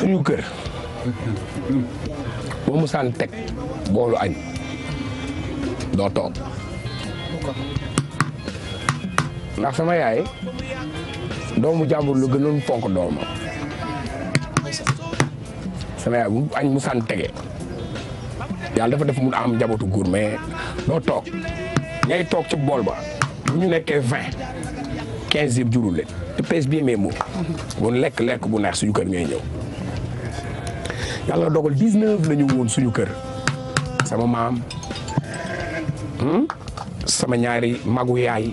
suñu kër boo mu saan teg boolu añ doo toog ndax sama yaay doomu jàmbur lu gënoon fonk dooma sama yaay bu añ mu saan tege yàlla dafa def mun am njabootu guur mais doo toog ñay toog ci bool ba bu ñu nekkee vingt quinze yëpp jurul leen te pèse bien mes mots woon lekk lekk bu neex suñu kër ngay ñëw yàlla dogal dix-neuf la ñu woon suñu kër sama maam hmm? sama ñaari magu yaay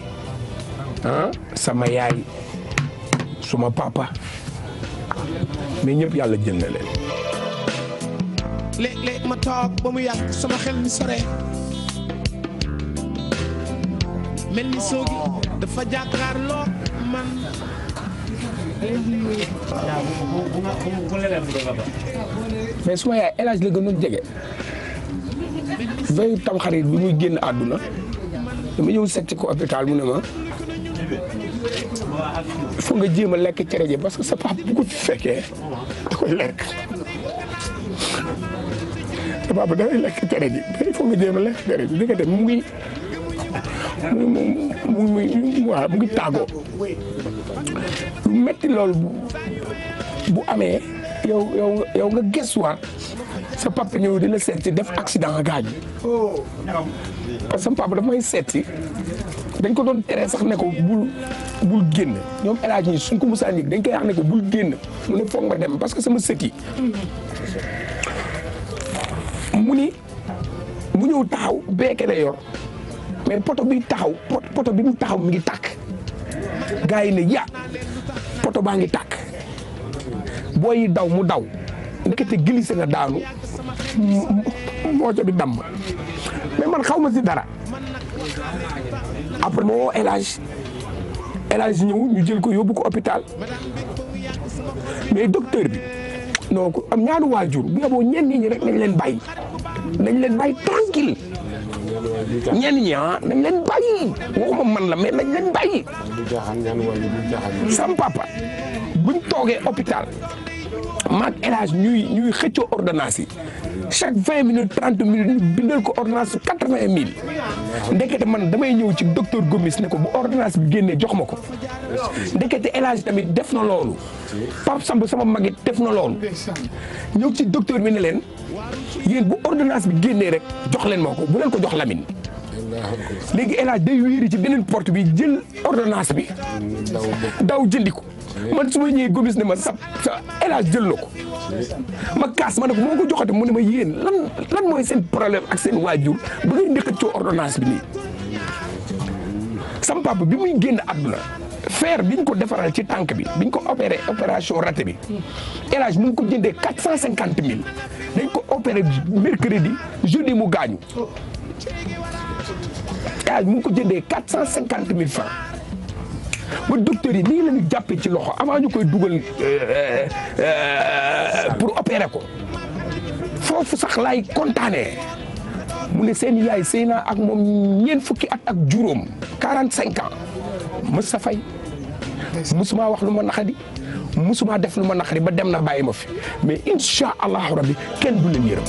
ah sama yaay suma papa mais ñëpp yàlla jël na leen léeg-léeg ma toog ba mu yàgg sama xel mi mel ni soogi dafa jàkkaarloo man. mais suma yaay El Hadj la gënoon jege. veyu tamxarit bi muy génn àdduna dama ñëw setti ko hôpital mu ne ma foog nga jéem a lekk cere ji parce que sa papa bu ko fi fekkee da koy lekk sa papa dafay lekk cere ji foog nga jéem a lekk cere ji mu ngi. mu mu mu waaw mu ngi tàggoo lu metti loolu bu amee yow yow yow nga gëstuwaat sa papa ñëw di la seeti def accident a gaañ parce que sama papa dafa may seeti dañ ko doon tere sax ne ko bul bul génn ñoom El Hadj ñi suñ ko musaan yëg dañ koy wax ne ko bul génn mu ne foog ma dem parce que sama sët yi mu ni mu ñëw taxaw beeke la yor mais poto bi taxaw poto bi mu taxaw mi ngi tàkk gars yi ne ya poto baa ngi takk booy yi daw mu daw ndekete glissé na daanu mooco bi damm xaw ma si dara après ma woo élage élage ñëw ñu jël ko yóbbu ko hôpital mais docteur bi non am ñaanu waajur bu yeboo ñenn ñi rek nañ leen bàyyi nañ leen bàyyi tranquille ñenn ñi ah leen bàyyi waxuma man la mais nañ leen bàyyi. sam papa buñ toogee hôpital. maak El Hadj ñuy ñuy xëccoo ordonnance yi chaque vingt minutes trente minutes ñu bindal ko ordonnance quatre vingt mille ndekete man damay ñëw ci docteur Gomis ne ko bu ordonnance bi génnee jox ma ko ndekete El tamit def na loolu Pape Samb sama magit def na loolu ñëw ci docteur bi ni leen yéen bu ordonnance bi génnee rek jox leen ma ko bu leen ko jox Lamine léegi El day wéeri ci beneen porte bi jël ordonnance bi daw ko man su ma ñëwee gomis ne ma sa sa élage jël na ko ma kaas ma ne ko moo ko joxate mu ne ma yéen lan lan mooy seen problème ak seen waajur ba ngay ndëkkat ci ordonnance bi nii sam papa bi muy génn àdduna bi biñ ko defaral ci tànk bi biñ ko opéré opération raté bi élage mu ngi ko jëndee quatre cent cinquante mille dañ ko opéré mercredi jeudi mu gaañu élage mu ngi ko jëndee quatre cent cinquante mille francs ba docteur yi nii la ñu jàppee ci loxo avant ñu koy dugal euh, euh, euh, pour opérer ko foofu sax laay kontaanee mu ne seen yaay sëy ak moom ñeen fukki at ak juróom quarante cinq ans mës sa fay musumaa wax lu ma naxadi musumaa def lu ma naxadi ba dem na bàyyi ma fi mais incha allahu rabbi kenn du leen yërëm